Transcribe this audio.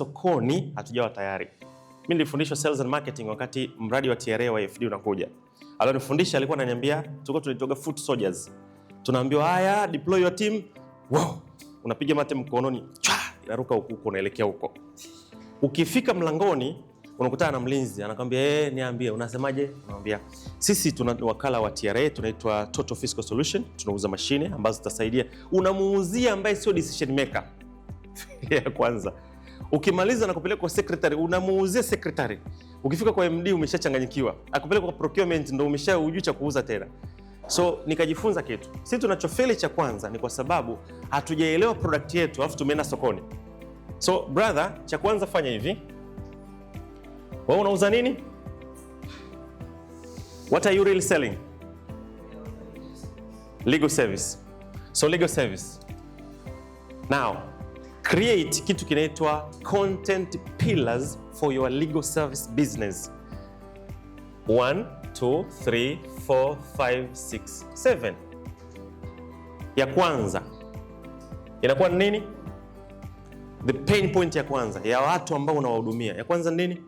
sokoni hatujawa tayari. Mimi nilifundishwa sales and marketing wakati mradi wa TRA wa FD unakuja. Alionifundisha alikuwa ananiambia, tulikuwa tunaitoga foot soldiers. Tunaambiwa haya, deploy your team. Wow! Unapiga mate mkononi, chwa, inaruka huko huko unaelekea huko. Ukifika mlangoni unakutana na mlinzi anakwambia, eh, niambie unasemaje? Unamwambia, sisi tuna wakala wa TRA tunaitwa Total Fiscal Solution, tunauza mashine ambazo zitasaidia. Unamuuzia ambaye sio decision maker. ya kwanza Ukimaliza na kupeleka kwa secretary, unamuuzia secretary. Ukifika kwa MD umeshachanganyikiwa, akupeleka kwa procurement ndo umeshaujua cha kuuza tena. So nikajifunza kitu, sisi tunachofeli cha kwanza ni kwa sababu hatujaelewa product yetu, alafu tumeenda sokoni. So brother, cha kwanza fanya hivi, wewe unauza nini? What are you really selling? Legal service. So legal service. Now, create kitu kinaitwa content pillars for your legal service business. 1 2 3 4 5 6 Ya kwanza inakuwa nini? The pain point ya kwanza ya watu ambao unawahudumia, ya kwanza nini?